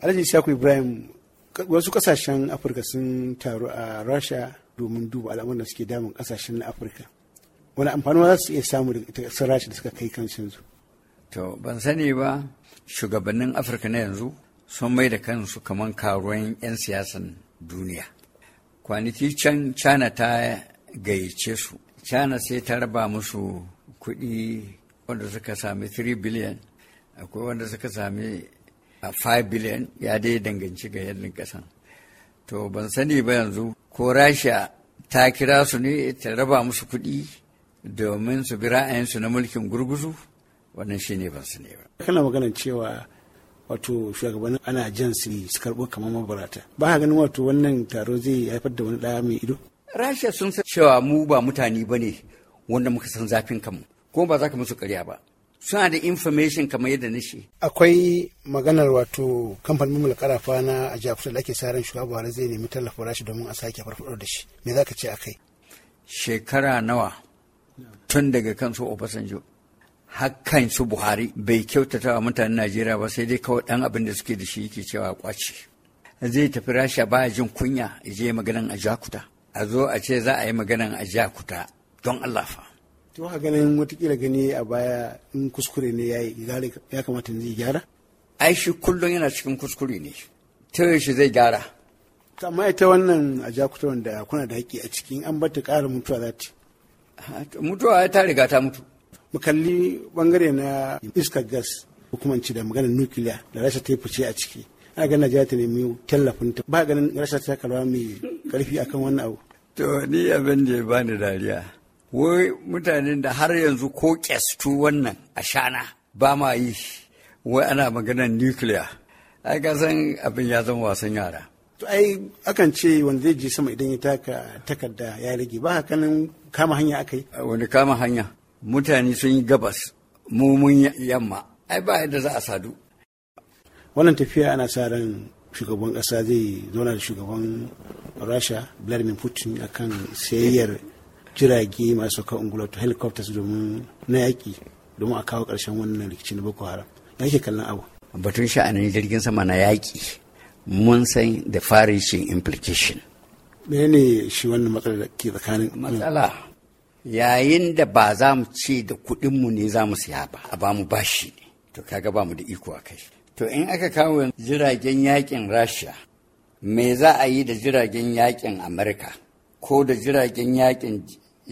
alhaji shaku ibrahim wasu kasashen afirka sun taru a rasha domin duba al'amuran da suke damun kasashen na afirka wani amfani za su iya samu da ita rasha da suka kai su. to ban sani ba shugabannin afirka na yanzu sun mai da kansu kamar karuwan 'yan siyasan duniya kwanaki can china ta gayyace su china sai ta raba musu kuɗi wanda suka sami 3 biliyan akwai wanda suka sami 5 billion ya dai danganci ga yadda kasan to ban sani ba yanzu ko rasha ta kira su ne ta raba musu kuɗi domin su bi ra'ayinsu na mulkin gurguzu wannan shi ne ban sani ba kana maganar cewa wato shugabannin ana jan su ne su karɓo kamar mabarata ba ka ganin wato wannan taro zai haifar da wani ɗaya mai ido rasha sun san cewa mu ba mutane ba ne wanda muka san zafin kanmu ko ba za ka musu karya ba suna da information kamar yadda na shi. Akwai maganar wato kamfanin mulkar karafa na a Jakuta da ake sa ran shugaba Buhari zai nemi tallafa rashi domin a sake farfado da shi. Me za ka ce akai? Shekara nawa tun daga kansu Obasanjo. Hakan su Buhari bai kyautata wa mutanen Najeriya ba sai dai kawai ɗan abin da suke da shi yake cewa kwaci Zai tafi Rasha ba jin kunya ya je maganan a Jakuta. A zo a ce za a yi maganan a Jakuta don Allah fa. to ha ganin watakila gani a baya in kuskure ne ya yi ya kamata zai gyara ai shi kullum yana cikin kuskure ne ta shi zai gyara amma ita wannan a jakuta wanda kuna da haƙƙi a cikin an bata ƙara mutuwa za ta mutuwa ta riga ta mutu mu kalli bangare na iskar gas hukumanci da maganar nukiliya da rasha ta yi fice a ciki ana ganin najeriya ta nemi tallafin ta ba ganin rasha ta karba mai karfi akan wannan abu to ni abin da ya bani dariya wai mutanen da har yanzu ko kestu wannan a shana ba ma yi wai ana maganar nukiliya ai ka san abin ya zama wasan yara to ai akan ce wanda zai ji sama idan ya taka takarda ya rage ba nan kama hanya aka yi wani kama hanya mutane sun yi gabas mu mun yamma ai ba yadda za a sadu wannan tafiya ana sa ran shugaban kasa zai zauna da shugaban rasha vladimir putin akan sayayyar jirage masu kawo ungulatu helicopters domin na yaƙi domin a kawo ƙarshen wannan rikici na boko haram Ya ke kallon abu batun sha'anin jirgin sama na yaƙi mun san da farishin implication menene shi wannan matsala da ke tsakanin matsala yayin da ba za mu ce da mu ne za mu siya ba a ba mu bashi ne to kaga ba mu da iko a kai to in aka kawo jiragen yakin rasha me za a yi da jiragen yakin amurka ko da jiragen yakin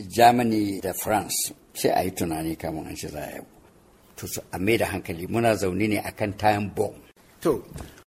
germany da france sai a yi tunani kamar an shi za a yi to a mai da hankali muna zaune ne akan time bomb